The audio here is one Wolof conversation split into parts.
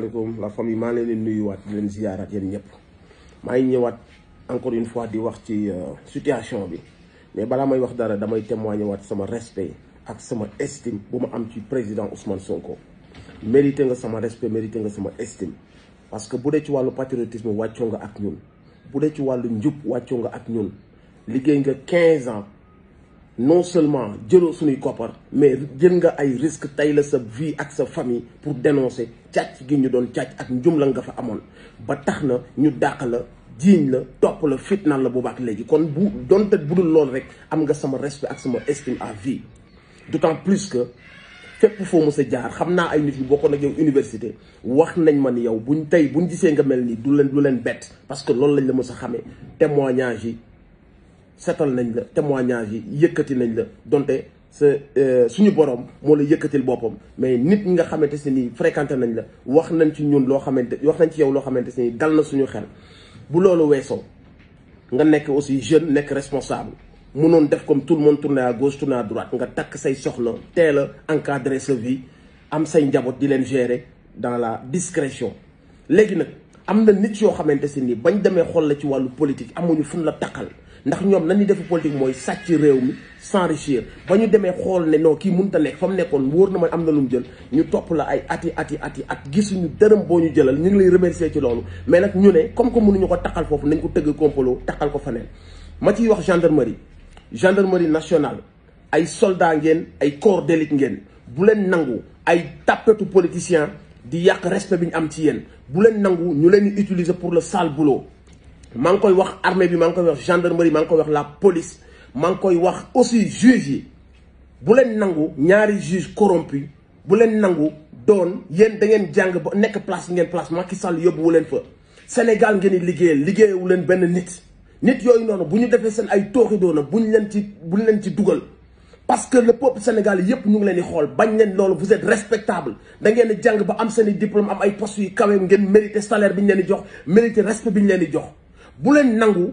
asalaamaaleykum la famille maa ngi leen di nuyuwaat di leen ziyaaraat yéen ñëpp maa ngi ñëwaat encore une fois di wax ci euh, situation bi mais balaa may wax dara damay témoigner waat sama respect ak sama estime bu ma am ci président Ousmane Sonko mérite nga sama respect mérité nga sama estime parce que bu dee ci wàllu patriotisme wàccoo nga ak ñun bu dee ci wàllu njub wàccoo nga ak ñun liggéey nga 15 ans. non seulement jëloo suñuy koppar mais jël nga ay risque tey la sa vie ak sa famille pour dénoncer càcc gi ñu doon càcc ak njum la nga fa amoon ba tax na ñu dàq la jiiñ la topp la fitnaan la bu baax léegi kon bu donte budul lool rek am nga sama respect ak sama estime à vie d'autant plus que fépp foo mu a jaar xam naa ay nit yu bokkoon ak yow université wax nañ ma ni yow buñ tey buñ gisee nga mel nii du leen du bett parce que loolu lañ la mës a xame témoignage yi setal nañ la témoignage yi yëkkati nañ la donte sa euh, suñu borom moo la yëkkatil boppam mais nit ñi nga xamante si nii fréquenté nañ la wax nañ ci ñun loo xamante wax nañ ci yow loo xamante si ni dal na suñu xel bu loolu weesoo nga nekk aussi jeune nekk responsable mënoon def comme tout le monde tourner à gauche droite nga takk say soxla teel a encadrer sa vie am say njaboot di leen gérer dans la discrétion léegi nag am na nit yoo xamante si ni bañ demee xol la ci wàllu politique amuñu fun la takkal ndax ñoom nañu defu politique mooy sàcc réew mi s'enrichir ba ñu demee xool ne non kii mënut a nekk fa mu nekkoon wóor na ma am na lu mu jël ñu topp la ay ati ati ati at gisuñu dërëm boo ñu jëlal ñu ngi lay remercier ci loolu mais nag ñu ne comme que mënuñu ko taqal foofu nañ ko tëgg complot taqal ko faneen ma ciy wax gendarmerie gendarmerie nationale ay soldaa ngeen ay corps d'élite ngeen bu leen nangu ay tàppetu politicien di yàq respect bi ñu am ci yéen bu leen nangu ñu leen utiliser pour le sale boulot maa ngi koy wax armée bi maa ngi koy wax gendarmerie maa ngi koy wax la police maa ngi koy wax aussi juge yi bu leen nangu ñaari juge corrompu bu leen nangu doon yéen da ngeen jàng ba nekk place ngeen place Macky Sall yóbbuwu leen fa. Sénégal ngeen di liggéeyal liggéeyewu leen benn nit nit yooyu noonu bu ñu defee seen ay tooxi doona buñ leen ci buñ leen ci dugal. parce que le peuple sénégalais yëpp ñu ngi leen xool bañ leen loolu vous êtes respectable da ngeen di jàng am seen i am ay post yu kawe ngeen mérité salaire bi ñu leen di jox mérité respect bi ñu leen di jox. bu leen nangu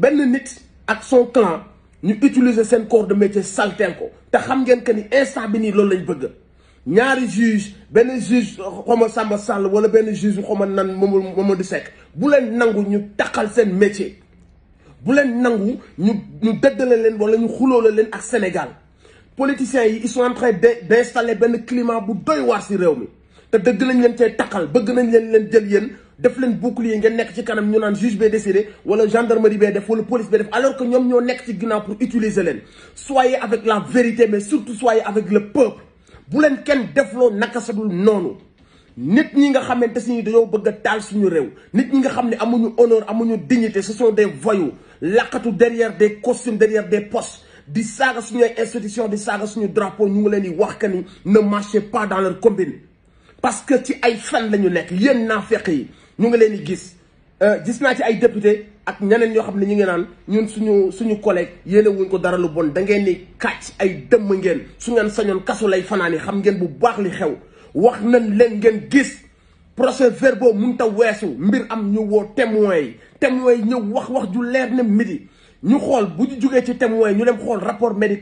benn nit ak son clan ñu utiliser seen corps de métier salteel ko te xam ngeen que ni instant bi nii loolu lañ bëgg ñaari juge benn juge xoma Samba Sall wala benn juge xoma nan moom Mamadou Seck bu leen nangu ñu taqal seen métier bu leen nangu ñu ñu dëddale leen wala ñu xuloole leen ak Sénégal politiciens yi ils sont de d'installer benn climat bu doy waar si réew mi te dëgg lañ leen cee taqal bëgg nañ leen leen jël yéen def leen bouclier ngeen nekk ci kanam ñu naan juge bee décidé wala gendarmerie bee def wala police bee def alors que ñoom ñoo nekk ci ginnaaw pour utiliser leen soyez avec la vérité mais surtout soyez avec le peuple bu leen kenn def defloo naka sadul noonu nit ñi nga xamante si dañoo bëgg a taal suñu réew nit ñi nga xam ne amuñu honneur amuñu dignité ce sont des voyous laqatu derrière des costumes derrière des postes di saaga suñuy institution di saaga suñu drapeau ñu ngi leen di wax que ni ne marchez pas dans leur combine parce que ci ay fan la ñu nekk yéen naafeq yi. ñu ngi leen di gis euh, gis naa ci ay député ak ñeneen ñoo xam ne ñu ngi naan ñun suñu suñu collègue yéene wuñ ko dara lu bon da ngeen ni kàcc ay dëmm ngeen su ngeen sañoon kasu lay fanaan yi xam ngeen bu baax li xew wax na leen ngeen gis procès verbal mun ta weesu mbir am ñëwoo woo yi témoins yi ñëw wax wax ju leer ne midi ñu xool bu ñu jógee ci témoins yi ñu dem xool rapport médi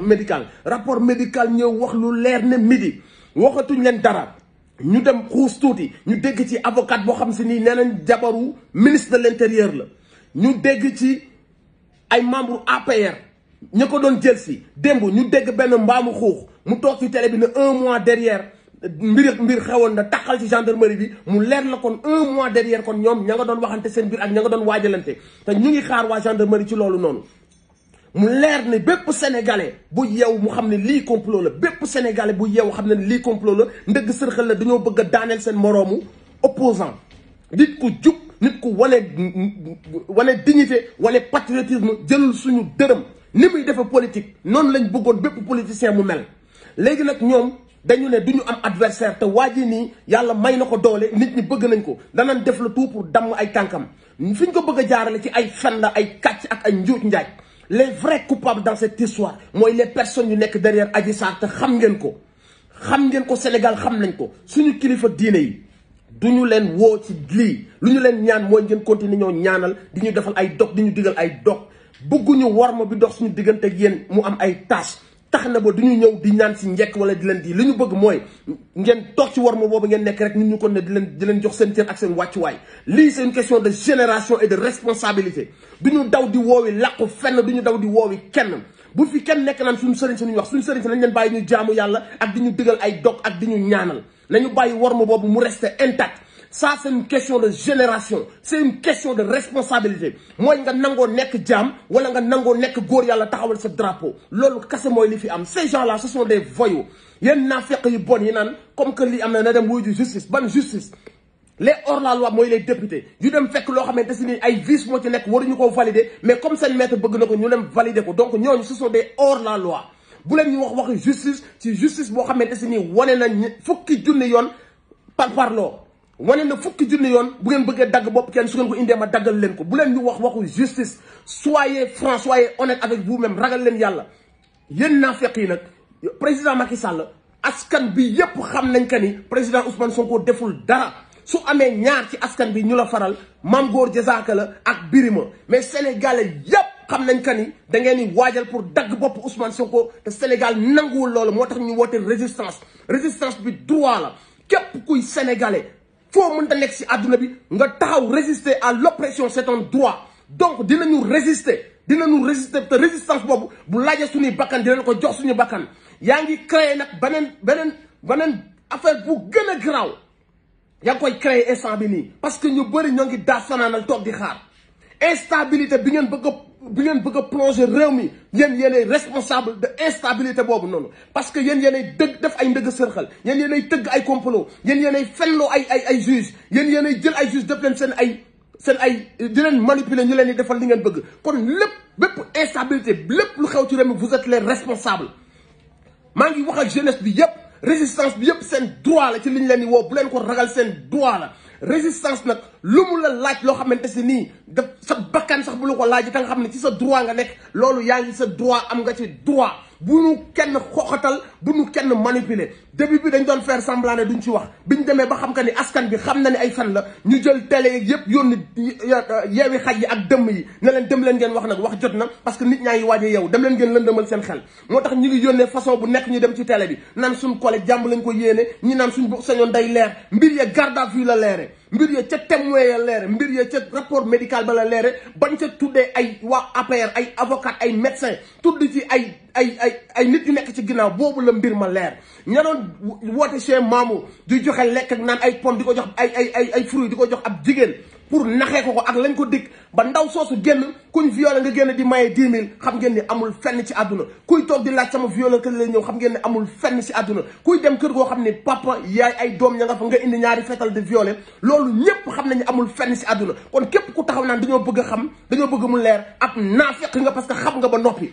médical rapport médical ñëw wax lu leer ne midi waxatuñ leen dara ñu dem xuus tuuti ñu dégg ci avocat boo xam si nii nee nañ jabaru ministre de l'intérieur la ñu dégg ci ay membre APR ña ko doon jël si démb ñu dégg benn mbaamu xuux mu toog ci télé bi ne un mois derrière mbir mbir xewoon na taxal ci gendarmerie bi mu leer la kon un mois derrière kon ñoom ña nga doon waxante seen biir ak ña nga doon waajalante te ñu ngi xaar waa gendarmerie ci loolu noonu mu leer ne bépp sénégalais bu yew mu xam ne lii complot la bépp sénégalais bu yew xam ne lii complot la ndëgg sërxal la dañoo bëgg a daaneel seen moroomu opposant nit ku jub nit ku wane wane wale wane patriotisme jëlul suñu dërëm ni muy defe politique noonu lañ bëggoon bépp politicien mu mel léegi nag ñoom dañu ne du ñu am adversaire te waa ji nii yàlla may na ko doole nit ñi bëgg nañ ko danañ def la tout pour damm ay tànkam fi ñu ko bëgg a jaarale ci ay fen la ay kàcc ak ay njuuj njaaj les vrais coupables dans cette histoire mooy les personnes yu nekk derrière Adji Sarr te xam ngeen ko xam ngeen ko Sénégal xam nañ ko suñu kilifa diine yi du ñu leen woo ci lii lu ñu leen ñaan mooy ngeen continuer ñoo ñaanal di ñu defal ay dog di ñu digal ay dog bëgguñu warma bi dox suñu diggante ak mu am ay tâche tax na ba du ñu ñëw di ñaan si njekk wala di leen di li ñu bëgg mooy ngeen toog ci war ma boobu ngeen nekk rek nit ñu kon ne di leen di leen jox seen cër ak seen wàccuwaay lii c'est une question de génération et de responsabilité du ñu daw di woowi làqu fenn du ñu daw di woowi kenn bu fi kenn nekk naan suñu sëriñ si ñu wax suñu sëriñ si nañ leen bàyyi ñu jaamu yàlla ak di ñu digal ay dog ak di ñu ñaanal ñu bàyyi war ma boobu mu reste intact ça c'est une question de génération c'est une question de responsabilité mooy nga nangoo nekk jaam wala nga nangoo nekk góor yàlla taxawal sa drapeau loolu kase mooy li fi am ces gens là ce sont des voyous yéen naafeq yu bon yi naan comme que li am na na dem wuyu justice ban justice les hors la loi mooy les députés yu dem fekk loo xamante si ni ay vices moo ci nekk waruñu ko valider mais comme seen maître bëgg na ko ñu dem valider ko donc ñooñu ce sont des hors la loi bu leen ñu wax waxi justice ci justice boo xamante si ni wane na fukki junni yoon par parloo wane na fukki junni yoon bu ngeen bëggee dagg bopp kenn su ngeen ko indee ma daggal leen ko bu leen ñu wax waxu justice soyez franc soyez honnête avec vous-même ragal leen yàlla yéen naafeq yi nag président Macky Sall askan bi yépp xam nañ que ni président Ousmane Sonko deful dara su amee ñaar ci askan bi ñu la faral Mame Gor Diazaka la ak Birima mais sénégalais yépp xam nañ que ni da ngeen di waajal pour dagg bopp Ousmane Sonko te Sénégal nanguwul loolu moo ñu woote résistance résistance bi droit la képp kuy sénégalais. foo mënta nekk si àdduna bi nga taxaw résister à l'oppression c'est un droit donc dinañu résister dinañu résister te résistance boobu bu laajee suñuy bakkan dinañ ko jox suñu bakkan yaa ngi créer nag beneen beneen beneen affaire bu gën a garaaw yaa ngi koy créer instant bi nii parce que ñu bëri ñoo ngi daas fanaanal toog di xaar instabilité bi ngeen bëgg a bi ngeen bëgg a plonger réew mi yéen yéenay responsable de instabilité boobu noonu parce que yéen yéenay dëgg def ay ndëgg sërxal yéen yéenay tëgg ay complot yéen yéenay fenloo ay ay ay juge yéen yéenay jël ay juge def leen seen ay seen ay di leen ñu leen di defal li ngeen bëgg kon lépp bépp instabilité lépp lu xew ci réew mi vous êtes les responsables maa ngi wax ak bi yëpp résistance bi yëpp seen droit la ci li ñu leen di woo bu leen ko ragal seen droit la résistance nag lu mu laaj loo xamante si nii daf sa bakkan sax bu la ko laaj te nga xam ci sa droit nga nekk loolu yaa ngi sa droit am nga ci droit bu nu kenn xoxatal bu nu kenn manipuler début bi dañ doon faire semblant ne duñ ci wax biñ demee ba xam que ni askan bi xam na ne ay fen la ñu jël télé yëpp yónni yeewi xaj yi ak dëmm yi ne leen dem leen ngeen wax nag wax jot na parce que nit ñaa ngi waaj a yow dem leen ngeen lëndëmal seen xel moo tax ñu ngi yónnee façon bu nekk ñu dem ci télé bi nan suñ collègue jàmb lañ ko yéene ñi naan suñ bu sañoon day leer mbir yee garde à vue la leere mbir ya ca témoin ya leere mbir ya ca rapport médical ba la leere ban ca tuddee ay waa APR ay avocat ay médecin tudd ci ay ay ay ay nit yu nekk ci ginnaaw boobu la mbir ma leer ña doon woote chez Mamou di joxe lekk ak naan ay pomme di ko jox ay ay ay ay fruits di ko jox ab jigéen pour naxee ko ko ak lañ ko dikk ba ndaw soosu génn kuñ violé nga génn di maye 10 000 xam ngeen ni amul fenn ci àdduna kuy toog di laaj sama violé kër la ñëw xam ngeen ni amul fenn ci àdduna kuy dem kër goo xam ni papa yaay ay doom ña nga fa nga indi ñaari fetal di violé loolu ñépp xam nañu amul fenn ci àdduna kon képp ku taxaw naan dañoo bëgg a xam dañoo bëgg mu leer ak naafeq nga parce que xam nga ba noppi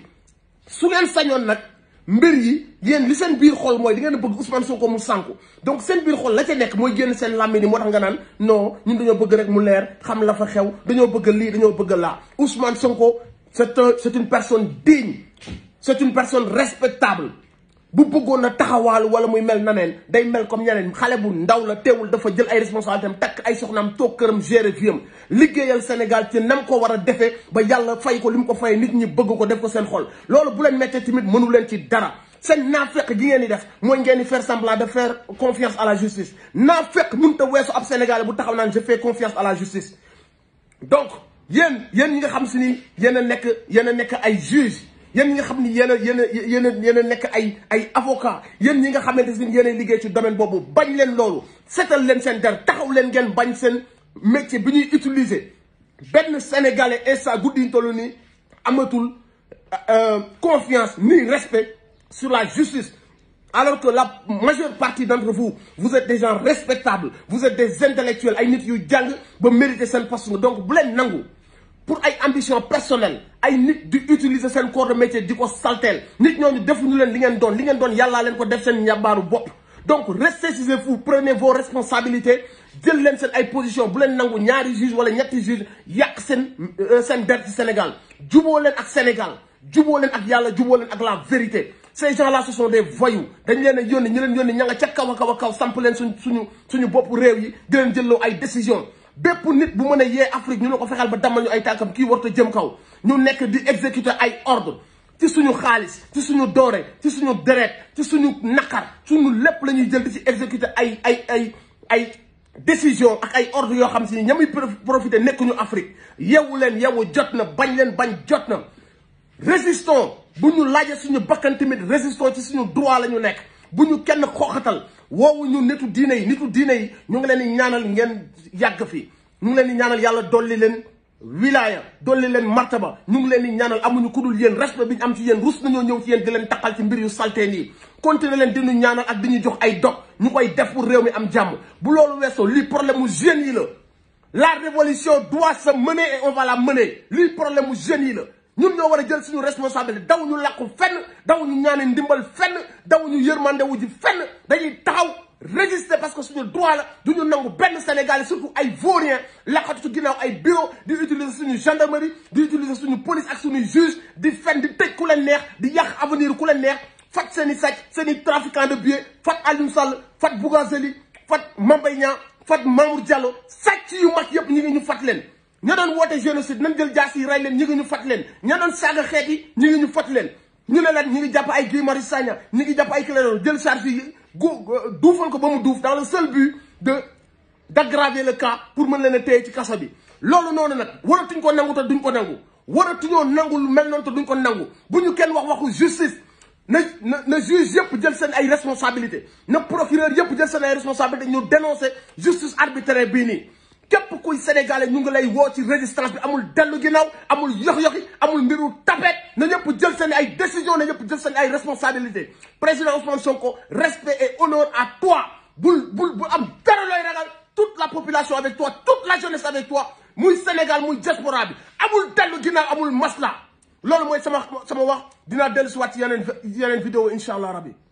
su leen sañoon nag mbër yi yéen li seen biir xool mooy di ngeen bëgg Ousmane Sonko mu sànku donc seen biir xol la ca nekk mooy génn seen làmmiñ yi moo tax nga naan non ñun dañoo bëgg rek mu leer xam la fa xew dañoo bëgg lii dañoo bëgg laa Ousmane Sonko c'est un c'est une personne digne c'est une personne respectable bu bëggoon a taxawaal wala muy mel naneen day mel comme ñeneen xale bu ndaw la teewul dafa jël ay responsabilités am takk ay soxnaam toog këram gérer fiyam liggéeyal Sénégal ci nam ko war a defee ba yàlla fay ko li mu ko fayee nit ñi bëgg ko def ko seen xol loolu bu leen méttee tamit mënu leen ci dara seen naafeq gi ngeen di def mooy ngeen di faire semblant de faire confiance à la justice naafeq mënut a weesu ab Sénégalais bu taxaw naan je fais confiance à la justice donc yéen yéen nga xam si ni a nekk yéen nekk ay juge yéen ñi nga xam ni yéen a yéen a yéen a nekk ay ay avocat yéen ñi nga xamante ni yéen a liggéey ci domaine boobu bañ leen loolu setal leen seen der taxaw leen ngeen bañ seen métier bi ñuy utiliser benn sénégalais instant guddi ñu toll nii amatul euh, euh, confiance ni respect sur la justice alors que la majeure partie d'entre vous vous êtes des gens respectables vous êtes des intellectuels ay nit yu jàng ba mérité seen poste donc bu leen nangu pour ay ambition personnelle ay nit di utiliser seen corps de métier di ko salteel nit ñooñu defuñu leen li ngeen doon li ngeen doon yàllaa leen ko def seen njàmbaaru bopp donc restez chez vous prenez vos responsabilités jël leen seen ay position bu leen nangu ñaari juge wala ñetti juge yàq seen euh, seen der ci Sénégal juboo leen ak Sénégal juboo leen ak yàlla juboo leen ak la vérité ces gens-là ce sont dañ leen a yónni ñu leen yónni ña nga ca kaw a kaw a kaw samp leen suñ suñu suñu bopp réew yi di leen jëlloo ay décision bépp nit bu mën a yee Afrique ñu ne ko fexeel ba damal ñu ay tànkam kii warut a jëm kaw ñu nekk di exécuter ay ordre ci suñu xaalis ci suñu doore ci suñu deret ci suñu naqar suñu lépp la ñuy jël di ci exécuter ay ay ay ay décision ak ay ordre yoo xam si ña muy profité nekkuñu Afrique yewu leen yewu jot na bañ leen bañ jot na résistons bu ñu laajee suñu bakkan tamit résistons ci suñu droit la ñu nekk. bu ñu kenn xooxatal woowu ñu nitu diine yi nitu diine yi ñu ngi leen di ñaanal ngeen yàgg fi ñu ngi leen di ñaanal yàlla dolli leen wilaaya dolli leen martaba ñu ngi leen di ñaanal amuñu ku dul yéen respect bi ñu am ci yéen rus nañoo ñëw ci yéen di leen taqal ci mbir yu salteen yi continuer leen di ñu ñaanal ak di ñuy jox ay dog ñu koy def pour réew mi am jàmm bu loolu weesoo lii problème mu jeune yi la la révolution doit se mener et on va la mener lii problème mu jeunes yi la ñun ñoo war a jël suñu responsabilité daw ñu làqu fenn daw ñu ñaane ndimbal fenn daw ñu yërmande wu ji fenn dañuy taxaw résister parce que suñu droit la du ñu nangu benn Sénégalais surtout ay vaurien laqatu su ginnaaw ay bureau di utiliser suñu gendarmerie di utiliser suñu police ak suñu juge di fenn di tëj ku leen neex di yàq avenir ku leen neex fat seeni i seeni seen trafiquant de billets fat Aliou Sall fat Bougazelli fat Mame Mbaye Niang fat Mamour Diallo sàcc yu mag yëpp ñu ñu fat leen ña doon woote génocide nañ jël jaas yi rey leen ñi ngi ñu fat leen ña doon saaga xeet yi ñi ngi ñu fat leen ñu ne lan ñi ngi jàpp ay Guy Marius Sagna ñi ngi jàpp ay Clédor jël charge yi gu duufal ko ba mu duuf dans le seul but de d'aggraver le cas pour mën leen a téye ci kaso bi loolu noonu nag waratuñ ko nangu te duñ ko nangu waratuñoo nangu lu mel noonu te duñ ko nangu bu ñu kenn wax waxu justice na na na juge yëpp jël seen ay responsabilité na procureur yëpp jël seen ay responsabilité ñu dénoncer justice arbitraire bii nii képp kuy sénégalais ñu ngi ay woo ci résistance bi amul dellu ginnaaw amul yox-yoxi amul mbiru tapet na ñëpp jël seen ay décision na ñëpp jël seen ay responsabilité président Ousmane Sonko respect et honneur à toi bul bul bul am dara looy ragal toute la population avec toi toute la jeunesse avec toi muy Sénégal muy diaspora bi amul dellu ginnaaw amul masla loolu mooy sama sama wax dina dellu si waat ci yeneen yeneen vidéo incha allah rabbi